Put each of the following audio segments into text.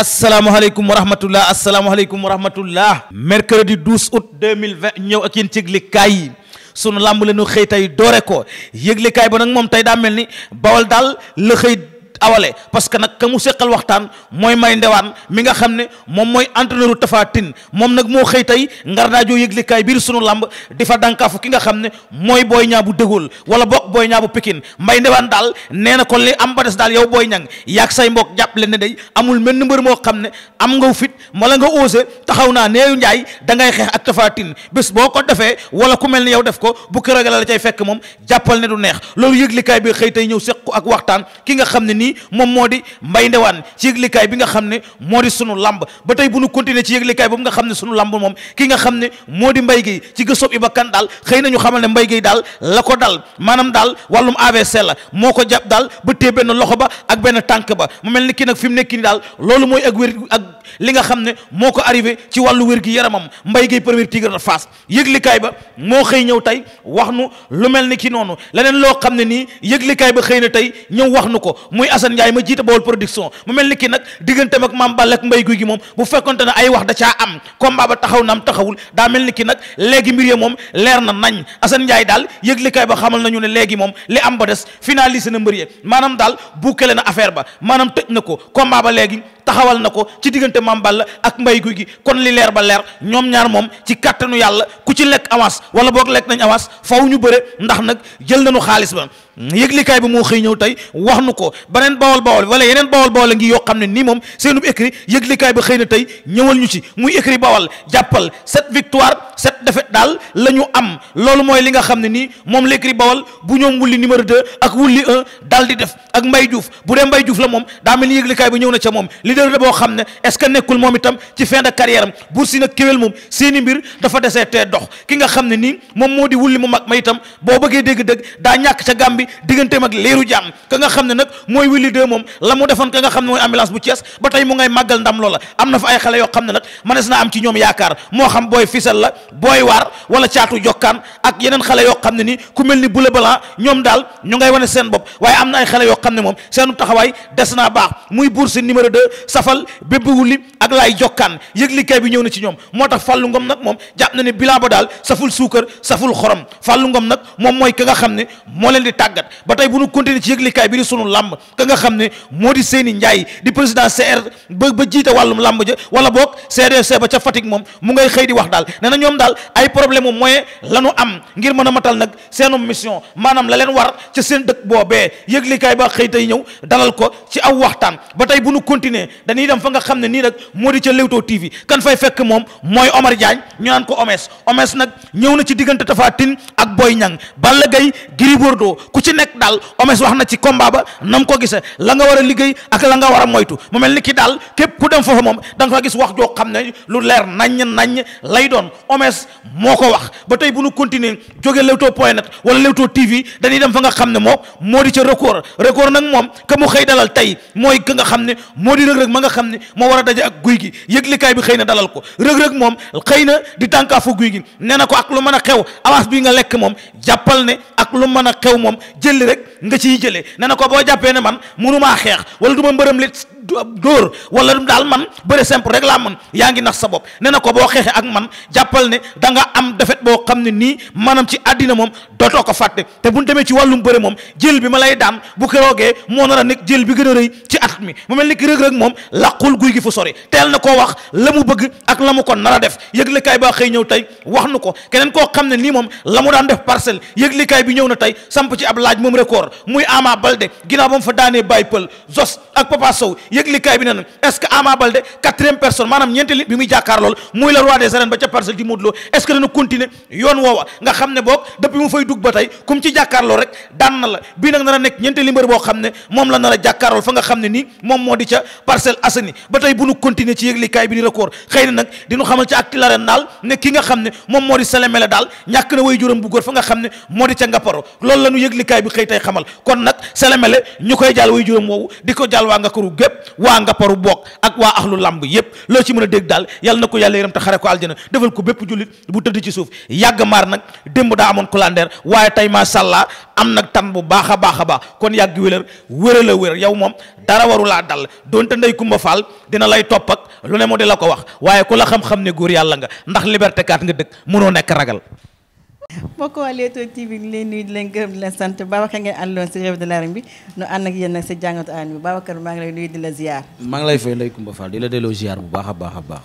asalaamaaleykum wa rahmatullah asalaamaaleykum wa rahmatullah mercredi 12 août 2020 ñëw ak yéen ci yëglikaay yi sunu làmb la xëy tey doore ko yëglikaay ba nag moom tey daa mel ni bawal daal la xëy awale parce que nag ka mu seqal waxtaan mooy may ndewaan mi nga xam ne moom mooy entraîneur tafaatin moom nag moo xëy tey ngardaajoo yëglikaay biir sunu làmb di fa dànkaafu ki nga xam ne mooy booy ñaa bu dégol wala bokk booy ñaa bu pikin mbay ndewaan daal nee na ko li am ba des daal yow booy ñang yaag say mbokk jàppale leen ne day amul mel ni mbër moo xam ne am nga fit wala nga osé taxaw naa neeyu njaay da ngay xeex ak Tapha Tine bés boo ko defee wala ku mel yow def ko bu kër la cay fekk moom jàppal ne du neex loolu yëglikaay bi xëy tey ñëw seq ak waxtaan ki nga xam ne nii nii moom moo di mbay ndewaan ci yëglikaay bi nga xam ne moo di sunu lamb ba tey bu nu continuer ci yëglikaay boobu nga xam ne sunu lamb moom ki nga xam ne moo di mbay gi ci gëstoob ibakan daal xëy nañu xamal ne mbay gi daal la ko dal maanaam daal wàllum AVC la moo ko jàpp daal ba tee benn loxo ba ak benn tànk ba mel ni ki nag fi mu nekk nii daal loolu mooy ak wér ak li nga xam ne moo ko arrivé ci wàllu wér gi yaramam mbay gi premier tigre de Fass yëglikaay ba moo xëy ñëw tey wax nu lu mel ni ki noonu leneen loo xam ne nii yëglikaay ba xëy na tey ñëw wax nu ko muy Assane Ndiaye ma jiite Baol production mu mel ni ki nag digganteem ak Mame Balla ak Mbaye Gouy Gui moom bu fekkonte ne ay wax da caa am combat ba taxaw na am taxawul daa mel ni ki nag léegi mbir ya moom leer na nañ Assane Ndiaye daal yëglikaay ba xamal nañu ne léegi moom li am ba des finalisé na mbër ya maanaam daal bukkale na affaire ba maanaam tëj na ko combat ba léegi taxawal na ko ci diggante Mame Balla ak Mbaye Gouy Gui kon li leer ba leer ñoom ñaar moom ci kàttanu yàlla ku ci lekk avance wala boog lekk nañ avance faw ñu bëre ndax nag jël nañu xaalis ba yëglikaay bi moo xëy ñëw tey wax nu ko beneen bawol bawol wala yeneen bawol bawol ngi yoo xam ne nii moom seenub écrit yëglikaay bi xëy na tey ñëwal ñu ci muy écrit bawol jàppal sept victoire sept défaite daal la ñu am loolu mooy li nga xam ne nii moom l'écrit bawol bu ñoom wulli numéro deux ak di def ak Mbaye Diouf leader la boo xam ne est-ce que nekkul moom itam ci fin de carrière am Buur Sine ak Kéwél moom seeni mbir dafa desee tee dox ki nga xam ne nii moom moo di wulli mu mag ma itam boo bëggee dégg-dëgg daa ñàkk ca Gàmbi digganteem ak leeru jàmm ka nga xam ne nag mooy wulli de moom la mu defoon ka nga xam ne mooy ambulance bu Thiès ba tey mu ngay màggal ndam loola am na fa ay xale yoo xam ne nag mënees naa am ci ñoom yaakaar moo xam booy fisal la booy waar wala caatu xale yoo xam ne nii ku mel ni bule balan ñoom daal ñu ngay wane seen bopp waaye am na ay xale yoo xam ne moom seenu taxawaay des naa baax safal bépp wulli ak laay jokkaan yëglikaay bi ñëw na ci ñoom moo tax fàllu ngoom nag moom jàpp na ne bilan ba daal saful suukar saful xorom fàllu ngom nag moom mooy ka nga xam ne moo leen di tàggat ba tey bu ñu continuer ci yëglikaay bi di sunu làmb ka nga xam ne moo di seeni Ndiaye di président CR ba ba jiite wàllum làmb ja wala boog CDC ba ca Fatick moom mu ngay xëy di wax daal nee na ñoom daal ay problème mu moyen la ñu am ngir mën a matal nag seenu mission maanaam la leen war ca seen dëkk boobee yëglikaay ba xëy tey ñëw dalal ko ci aw waxtaan ba tey bu ñu continuer dañuy dem fa nga xam ne nii rek moo di ca Leewtoo TV kan fay fekk moom mooy Omar Diagne ñu naan ko Omes Omes nag ñëw na ci diggante Tapha Tine ak Boy Niang Balla Gaye Gris ku ci nekk daal Omes wax na ci combat ba nam ko gisee la nga war a liggéey ak la nga war a moytu mu mel ni ki daal képp ku dem foofu moom da nga fa gis wax joo xam ne lu leer naññ naññ lay doon Omes moo ko wax ba tey bu nu continuer jóge Leewtoo point net wala Leewtoo TV dañuy dem fa nga xam ne moom moo di ca record moom ka mu xëy dalal tey rëg-rëg ma nga xam ne moo war a daje ak guy gi yëglikaay bi xëy na dalal ko rëg-rëg moom xëy na di tànkaafu guy gi nee na ko ak lu mën a xew avance bi nga lekk moom jàppal ne ak lu mën a xew moom jëli rek nga ci jëlee nee na ko boo jàppee ne man mënumaa xeex wala du ma mbërëm li dóor wala daal man bëre simple rek laa man yaa ngi nax sa bopp nee na ko boo xeexee ak man jàppal ne danga am defet boo xam ne nii maanaam ci àddina moom dootoo ko fàtte te bu ñu demee ci wàllum bëre moom jël bi ma lay daan bu roogee moo nar a nekk jël bi gën a rëy ci at mi mu mel ni ki rëg-rëg moom laqul guy gi fu sore teel na koo wax la mu bëgg ak la mu ko nar a def yëgle kaay xëy ñëw tey wax nu ko keneen koo xam ne nii moom la mu daan def parcelle yëgle bi ñëw na tey samp ci ab laaj moom record muy Ama Baldé ginnaaw ba mu fa daanee Baye Pël Zos ak Papa yëglikaay bi ne na est-ce que Ama Baldé quatrième personne maanaam ñeenti nit bi muy jàkkaar lool muy le roi des arènes ba ca parcelle di Modou Lo est-ce que dana continuer yoon woowa nga xam ne boog depuis mu fay dugg ba tey kum ci jàkkaarloo rek daan na la bii nag nar a nekk ñeenti limbër boo xam ne moom la a jàkkaarlool fa xam ne nii moo di ca Parcelles Assainies ba tey bu nu continuer ci yëglikaay bi di record xëy na nag dinu xamal ci acti l'arène daal ne ki nga xam ne moom moo di Sélémélé daal ñàkk na way juróom nga xam ne moo di ca Ngaparou loolu la ñu yëglikaay bi xëy tey xamal kon nag Sélémélé ñu koy jàll way juróom woowu di ko jàll waa Ngaparou gépp waa Ngaparu Bokk ak waa Axlu làmb yépp loo ci mën a dégg daal yàlla na ko yàlla yërëm te xare ko aljana defal ko bépp jullit bu tëdd ci suuf yàgg maar nag démb daa amoon kulandeer waaye tey macha allah am nag tam bu baax a baax a baax kon yàgg wélér wéra la wér yow moom dara warulaa laa dal doonte ndey kumba faal dina lay topp ak lu ne mu di la ko wax waaye ku la xam-xam ne góor yàlla nga ndax liberté kaat nga dëkk mënoo nekk ragal mbokk waa Leewtoo TV ñu leen nuyu di leen gërëm di sant Babacar ngeen àndoon si revue de bi nu ànd ak yéen nag si jàngatu aan bi Babacar maa ngi lay di la ziar. maa ngi lay fay Ndeye Coumba Fall di la delloo ziar bu baax a baax a baax.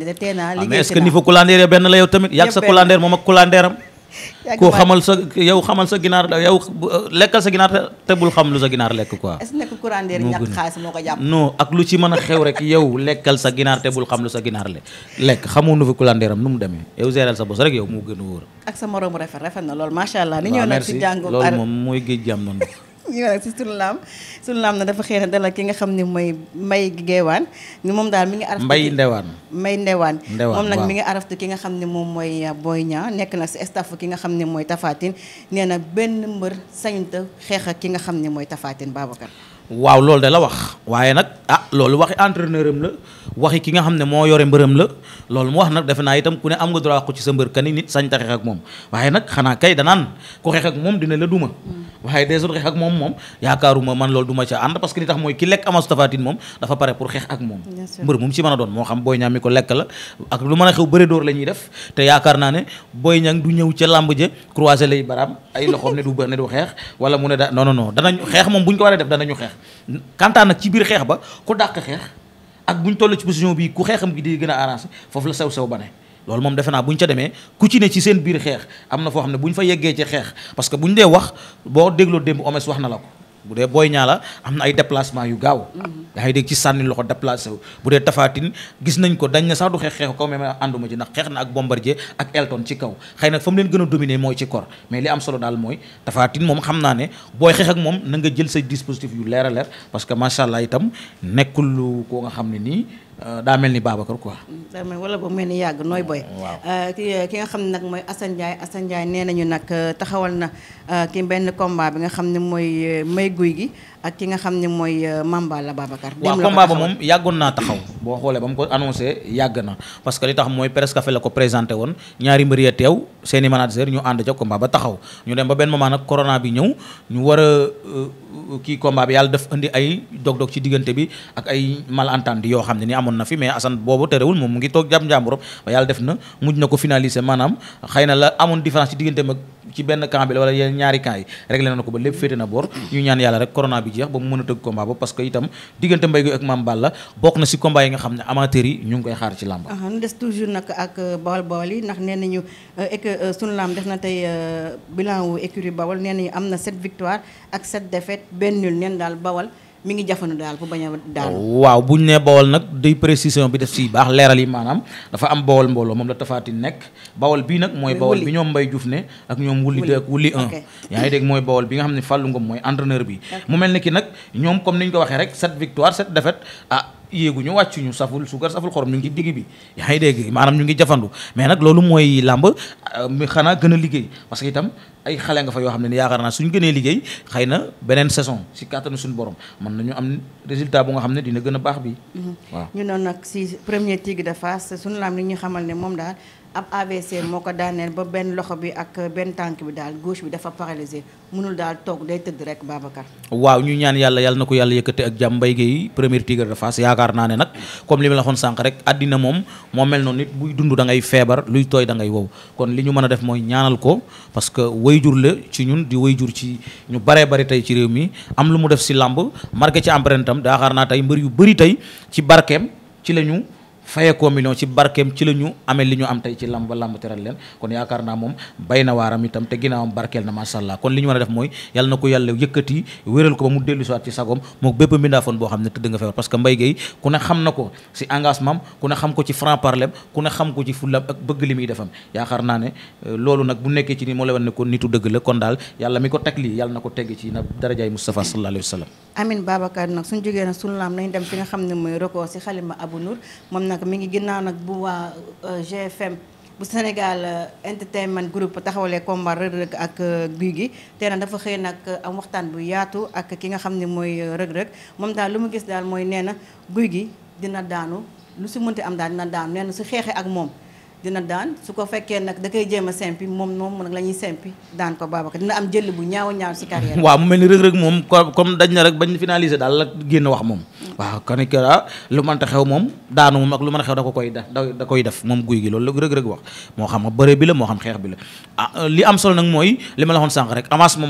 dina teel a liggéey mais est-ce que niveau coulandeer ya benn la yow tamit yàgg sa coulandeer moom ak coulandeeram ko xamal sa yow xamal sa ginaar yow lekkal sa ginaar te xam lu sa ginaar lekk quoi. est-ce que nekk coulandeer ñàkk xaalis ak lu ci mën a xew rek yow lekkal sa ginaar te bul xam lu sa ginaar le lekk xamoo nu fi coulandeeram nu mu demee yow géral sa bos rek yow moo gën a wóor. ak sa moromu rafet rafet na lool macha allah. ni ñëw nag si jàngu loolu moom mooy géej jàmm noonu ñu nag si sunu laam na dafa xeex dalal ki nga xam ne mooy mbay Guewaan ni moom daal mi ngi araftu Mbaye Ndewaan Mbaye Ndewaan moom nag mi ngi araftu ki nga xam ne moom mooy Boy Niang nekk nag si staff ki nga xam ne mooy Tapha nee na benn mbër sañunta xeex ki nga xam ne mooy Tapha Tine waaw loolu da la wax waaye nag a ah, loolu waxi entraîneur am la waxi ki nga xam ne moo yore mbërëm la loolu mu wax nag defe naa itam ku ne am nga droit ko ci sa mbër kani nit sañ ta xeex ak moom waaye nag xanaa kay danaan ku xeex ak moom dina la duma mm. waaye des autres xeex ak moom moom yaakaaruma man loolu duma ca ànd parce que li tax mooy ki lekk am Tapha moom dafa pare pour xeex ak moom mbër moom ci mën a doon moo xam Boy Niang ko lekk la ak lu mën a xew bëre dóor la ñuy def te yaakaar naa ne Boy Niang du ñëw ca làmb ja lay baraam ay loxoom ne du bë xeex wala mu ne da non non xeex moom buñ ko waree def xeex kantaan nag ci biir xeex ba ku dàq xeex ak ñu toll ci position bi ku xeexam gi di gën a arrangé foofu la sew sew ba ne loolu moom defe naa bu ñu ca demee ku ci ne ci seen biir xeex am na foo xam ne bu ñu fa yeggee ci xeex parce que bu ñu dee wax boo dégloo démb omes wax na la ko bu dee booy Niang la am na ay déplacement yu gaaw. da mm-hmm. ngay dégg ci sànni loxo déplacé wu. bu dee tafaatin gis nañ ko dañ na sax du xeex xeexu kaw mais ma ànduma ci ndax xeex na ak Bombardier ak Elton ci kaw xëy na fa mu leen gën a dominer mooy ci kor mais li am solo daal mooy tafaatin moom xam naa ne booy xeex ak moom na nga jël sa dispositif yu leer a leer parce que macha allah itam nekkul ko nga xam ne nii. Euh, daa mel ni baaba quoi. daa mel wala boobu mel ni yàgg nooy boy. waaw euh, ki nga xam ne nag mooy Assane Ndiaye Assane Ndiaye nee nañu nag euh, taxawal na ki benn combat bi nga xam ne mooy may guy gi. ak ki nga xam ne mooy euh, Mamba la Babacar. dem la ko combat ba moom yàggoon naa taxaw. boo xoolee ba mu ko annoncé yàgg na parce que li tax mooy Presse Café la ko présenté woon ñaari mbër ya teew seeni manager ñu ànd ca combat ba taxaw ñu dem ba benn moment nag corona bi ñëw ñu war a euh, kii combat bi yàlla def indi ay dog-dog ci diggante bi ak ay malentendu yoo xam ne ni amoon na fi mais Assane boobu terewul moom mu ngi toog jàmm jàmm ba yàlla na mujj na ko finaliser maanaam xëy na la amoon différence ci diggante ci benn camp bi la wala yeneen ñaari camp yi réglé na ko ba lépp féete na boor mm. ñu ñaan yàlla rek corona bi jeex ba mu mën a tëgg combat ba parce que itam diggante Mbaye Gueye ak Mame Balla bokk na si combat yi nga xam ne amateurs ñu ngi koy xaar ci làmb ñu toujours nag ak bawal euh, bawal yi ndax nee nañu ek euh, euh, làmb def na tey bilan wu écurie bawal nee nañu am na 7 victoire ak 7 défaite benn nul neen daal bawal mi ngi jafandu daal bu bañ a daal. waaw bu ñu nee bawol nag day bi def si baax leeral yi maanaam dafa am bawol mbooloo moom la tafaatin nekk bawol bii nag mooy bawol bi ñoom Mbaye Diouf ne ak ñoom wulli deux ak wulli un yaa ngi dégg mooy bawol bi nga xam ne Fallou Ngom mooy entraîneur bi mu mel ni ki nag ñoom comme ni ñu ko waxee rek sept victoire sept défaite ah, yéeguñu wàccuñu saful suukar saful xorom ñu ngi digg bi yaa dégg maanaam ñu ngi jafandu mais nag loolu mooy làmb euh, xanaa gën a liggéey parce que itam ay xale nga fa yoo xam ne ni yaakaar naa suñ gënee liggéey xëy na beneen saison si kattanu suñu borom mën nañu am résultat bu nga xam ne dina gën a baax bi mhm. ñu noonu nag si premier Tigre de Fass làmb li ñu xamal ne moom daal ab AVC moo ko daaneel ba benn loxo bi ak benn tànk bi daal gauche bi dafa paralysé mënul daal toog day tëdd rek Babacar. waaw ñu ñaan yàlla yàlla na ko yàlla yëkkate ak jàmm Mbaye Guèye premier tigre de Fass yaakaar naa ne nag comme li ma la waxoon sànq rek àddina moom moo mel noonu nit buy dund dangay feebar luy tooy da ngay wow kon li ñu mën a def mooy ñaanal ko parce que jur la ci ñun di jur ci ñu baree bari tey ci réew mi am lu mu def si làmb marqué ci empreinte am yaakaar naa tey mbër yu bëri tey ci barkeem ci la ñu. fayekoo million ci barkeem ci la amee li ñu am tey ci lamb ba lamb teral leen kon yaakaar naa moom bay na waaram itam te ginnaawam barkeel na macha allah kon li ñu war a def mooy yaakaar naa ne euh, loolu nag bu nekkee ci ni moo la ne ko nitu dëgg la kon daal yàlla mi ko teg lii yàlla na ko tegg ci na darajaay Moustapha sallallahu alayhi amin Babacar nag suñ jógee na suñu laam nañ dem fi nga xam ne mooy record si xalima Abou Nour moom nag nag mi ngi ginnaaw nag bu waa euh, GFM bu Sénégal euh, entertainment group taxawalee combat Reug Reug ak euh, Gouye Gui te nag dafa xëy nag am waxtaan bu yaatu ak ki nga xam ni mooy Reug Reug moom daal lu mu gis daal mooy nee na Gouye Gui dina daanu lu si mënti am daal dina daanu nee na su xeexee ak moom dina daan su ko fekkee nag da koy jéem a simpi moom moom nag la ñuy simpi daan ko dina am jël bu ñaaw ñaaw si carrière waaw mu mel ni rëg-rëg moom comme dañ na rek bañ la génn wax moom mm. waaw kon que ah, a xew da ko koy da da koy def moom guy gi loolu rëg-rëg wax moo xam bëre bi la moo ah,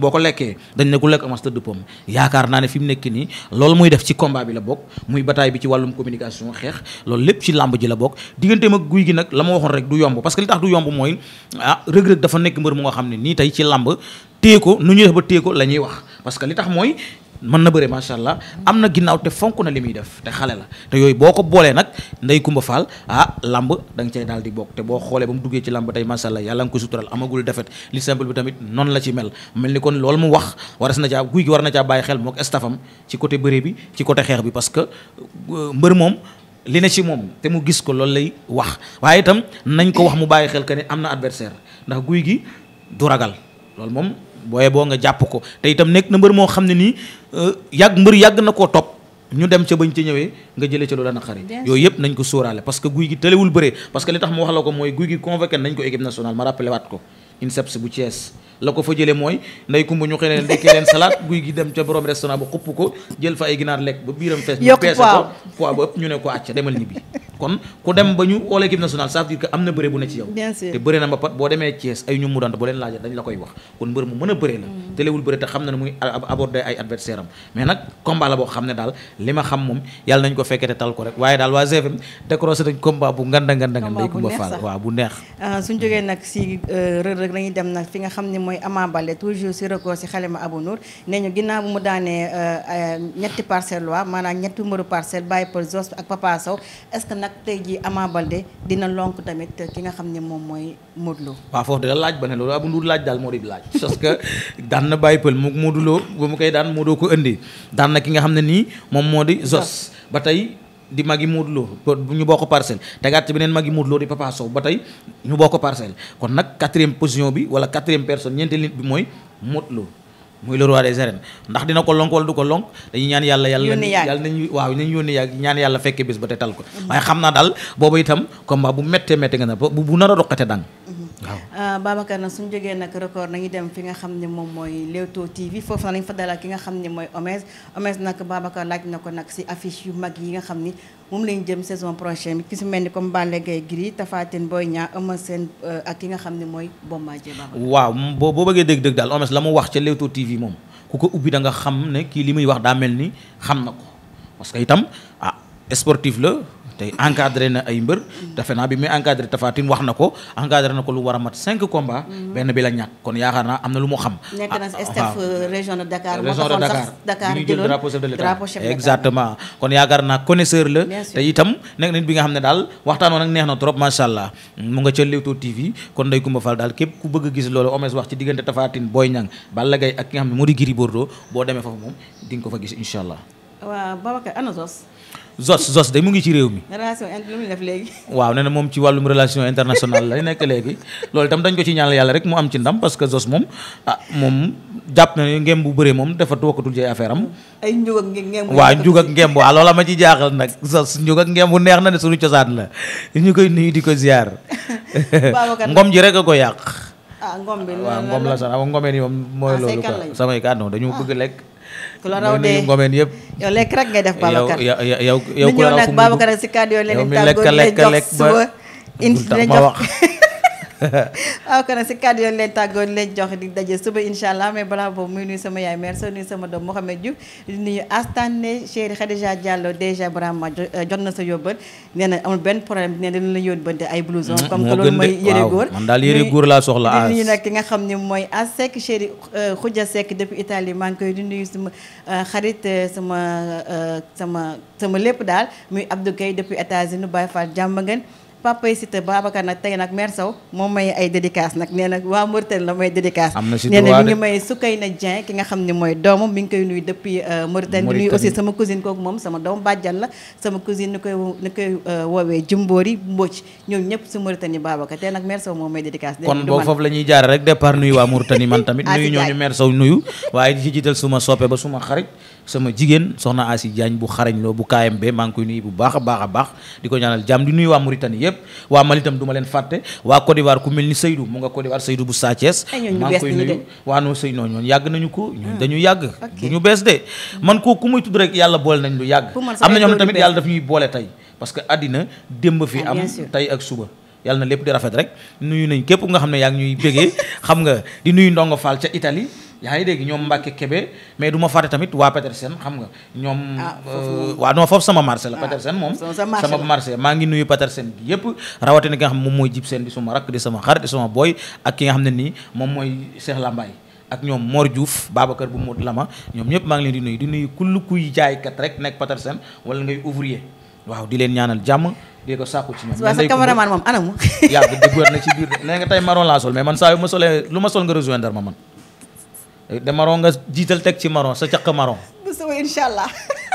boo ko lekkee dañ ne ku lekk avance tëdd pom yaakaar naa ne fi mu nii loolu muy def ci combat bi la bokk muy bataille bi ci wàllum communication xeex loolu lépp ci làmb ji la bokk digganteem ak guy gi nag la ma waxoon rek du yomb parce que li tax du yomb mooy ah Reug dafa nekk mbër mu nga xam ne nii tey ci làmb téye nu ñuy def ba téye ko la ñuy wax parce que li tax mooy mën na bëre macha allah am na ginnaaw te fonk na li muy def te xale la te yooyu boo ko boolee nag ndey Kumba Fall ah lamb da nga cay daal di bokk te boo xoolee ba mu duggee ci lamb tey macha allah yàlla nga ko sutural amagul defet li simple bi tamit noonu la ci mel mel ni na caa guy gi xel mook stafam ci côté bëre bi ci côté xeex bi parce que euh, mbër moom li ne ci moom te mu gis ko loolu lay wax waaye itam nañ ko wax mu bàyyi xel que ne am na adversaire ndax guy gi du ragal loolu moom booye boo nga jàpp ko te itam nekk na mbër moo xam ne nii euh, yàgg mbër yàgg na koo topp ñu dem ca bañ ca ñëwee nga jëlee ca loola naqari yooyu yëpp nañ ko sóoraale parce que guy gi tëlewul bëree parce que li tax mu wax la ko mooy guy gi convoqué nañ ko équipe nationale ma rappelé ko INSEPS bu Thiès la ko fa jëlee mooy nday kumba ñu xëy leen dekkee leen salade guy gi dem ca borom restaurant ba xupp ko jël fa ay ginaar lekk ba biiram fees. yokk poids mu peese ko poids ba ñu ne ko àcc demal ñibbi. kon ku dem ba ñu woo l'équipe nationale ça veut dire que am na bëre bu ne ci yow te bëre na mbapat boo demee Thiès ay ñu mu dant boo leen laajee dañ la koy wax kon mbër mu mën a bëre la mm. te léwul bëre te xam na ne muy aborder ay adversaire mais nag combat ma xam moom bu nganda nganda nganda yi Kumba Fall waaw bu neex ah, suñ jógee nag si euh, Reug Reug lañuy dem nag fi nga xam ne mooy Ama Baldé toujours si record si xalima Abou Nour ne ñu ginnaaw bu mu daanee euh, ñetti parcelle waa nag tey jii Ama Baldé dina lonk tamit ki nga xam ne moom mooy Modou Lo. waaw foofu de la laaj ba ne loolu Abou Ndour laaj daal moo di laaj parce que daan na bàyyi pël mu Modou Lo ba mu koy daan Modou ko indi daan na ki nga xam ne nii moom moo di Zos ba tey. di magi Modou Lo bu ñu bokk parcelle tegaat ci beneen magi Modou Lo di Papa Sow ba tey ñu bokk parcelle kon nag quatrième position bi wala quatrième personne ñeenteel nit bi mooy Modou muy le roi des ndax dina ko lonk wala du ko lonk dañuy ñaan yàlla yàlla yàlla nañu waaw nañ yónni yàgg ñaan yàlla fekke bés ba te tal ko waaye xam naa daal boobu itam combat bu méttee méttee nga na bu bu nar a doqate dang mhm. waaw euh, Babacar nag suñu jógee nag record nañu dem fi nga xam ne moom mooy Leewtoo TV foofu nañ fa dalal ki nga xam ne mooy Omez Omez nag Babacar laaj na ko nag si affiche yu mag yi nga xam ni moom lañ jëm saison prochaine bi ki si mel ni comme Balla Gaye Gris Tapha booy Boy Niang Eumeu Sène euh, ak ki nga xam ne mooy Bombardier Babacar waaw boo boo bëggee dëgg-dëgg daal Omez la mu wax ca Leewtoo TV moom ku ko ubbi da nga xam ne kii li muy wax daa mel ni xam na ko parce que itam ah, tey encadré na ay mbër defe naa bi muy encadré Tapha Tine wax na ko encadré na ko lu war a cinq combats mhm. benn bi la ñàkk kon yaakaar naa am na lu mu xam nekk na ah, ah, staff euh, itam nekk nit bi nga xam ne daal waxtaan woon nag neex na trop macha mu nga ca Leewtoo TV kon day Kumba daal képp ku bëgg gis loolu omes wax ci diggante Tapha Tine Boy Niang Balla ak ki nga xam ne moo di Gris Bordeaux boo demee foofu moom di ko fa gis incha zos zos day mu ngi ci réew mi. relation waaw nee na moom ci wàllum relation international lay nekk léegi loolu itam dañ ko ci ñaanal yàlla rek mu am ci ndam parce que zos moom ah, moom jàpp na ne ngem bu bëree moom dafa wokkatul ci affaire am. ay njug ak ngem. waaw njug ak ma ci jaaxal nag zos njug ak bu neex na ne suñu cosaan la ñu koy nuyu di ko ziar. ngom ji rek a ko yàq. ah ngom bi waaw la sax ngomee ni moom mooy ah, loolu quoi samay kàddu dañu ah. bëgg lekk. ku la raw dee ngomeen yëpp yow lekk rek ngay def Babacar yow yow ku la raw ku mu nag si kàddu yooyu leneen tàggoo lekk lekk lekk ba indi dina jox waaw ah, kon nag si kàddu yoon leen tàggoon leen jox di daje suba incha allah mais balaa boobu muy nuyu sama yaay mère soo nuyu sama doom Mouhamed Diouf di nuyu Astane chéri Khadija Diallo dèjà Brahma euh, jot na sa yóbbal nee na amul benn problème nee na lu la yóbbante ay blouson comme que loolu mooy yëre góor man daal yëre góor laa soxla di nuyu nag ki nga xam ne mooy Asek chéri euh, Khoudia Seck depuis Italie maa ngi koy di nuyu sama euh, xarit sama sama sama lépp daal muy Abdou Gueye depuis États-Unis Baye papa yi Siteu Babacar nag tey nag mère Sow moom may ay dédicace nag nee nag waa Mauritanie la may dédicace nee na mi ngi may Soukayna Dieng ki nga xam ne mooy doomam mi ngi koy nuyu depuis euh, Mauritanie di nuyu aussi sama cousine kooku moom sama doom bàjjan la sama cousine ni koy ni koy euh, woowee Jumbóori Mbóoj ñoom ñëpp su Mauritanie Babacar tey nag mère Sow moom may dédicace kon boo foofu la ñuy jaar rek départ nuyu waa Mauritanie man tamit ah, nuyu ñooñu mère Sow nuyu waaye di suma soppe ba suma xarit sama jigéen soxna Asi jaañ bu xarañ loo bu KMB maa ngi koy nuyu bu baax a baax a baax di ko ñaanal jàmm di nuyu waa Mauritanie yëpp waa Mali itam du leen fàtte waa Côte d'Ivoire ku mel ni Seydou mu nga Côte d'Ivoire bu Sa Thiès maa ngi koy nuyu waa noo Seydou noonu yàgg nañu ko ñun ah. dañu yàgg du ñu bees de man koo ku muy tudd rek yàlla boole nañ lu yàgg am na ñoom tamit yàlla dafa ñuy boole tey parce que àddina démb fi ah, am tey ak suba yàlla na lépp di rafet rek nuyu nañ képp nga xam ne yaa ngi ñuy bégee xam nga di nuyu ndongo Fall ca Italie yaa ngi dégg ñoom Mbacke Kébé mais du ma fàtte tamit waa Petersen xam nga ñoom ah, euh, waaw non foofu sama marché la ah, Petersen moom sama marché maa ngi nuyu Petersen bi yëpp rawatina ki xam ne mooy jib seen di suma rakk sama xarit di booy ak ki nga xam ne nii moom mooy Cheikh Lambaye ak ñoom Mor Diouf Babacar bu Mod Lama ñoom ñëpp maa ngi leen di nuyu di nuyu kull kuy jaaykat rek nekk Petersen wala ngay ouvrier waaw di leen ñaanal jàmm di ko sàkku ci ñoom. sa cameraman moom anamu. yàgg dëggoon na ci biir nee nga tey maron laa sol mais man saa yu ma solee lu ma sol nga rejoindre ma man eh, de maron nga jiital teg ci maron sa caq maron. bu soobee incha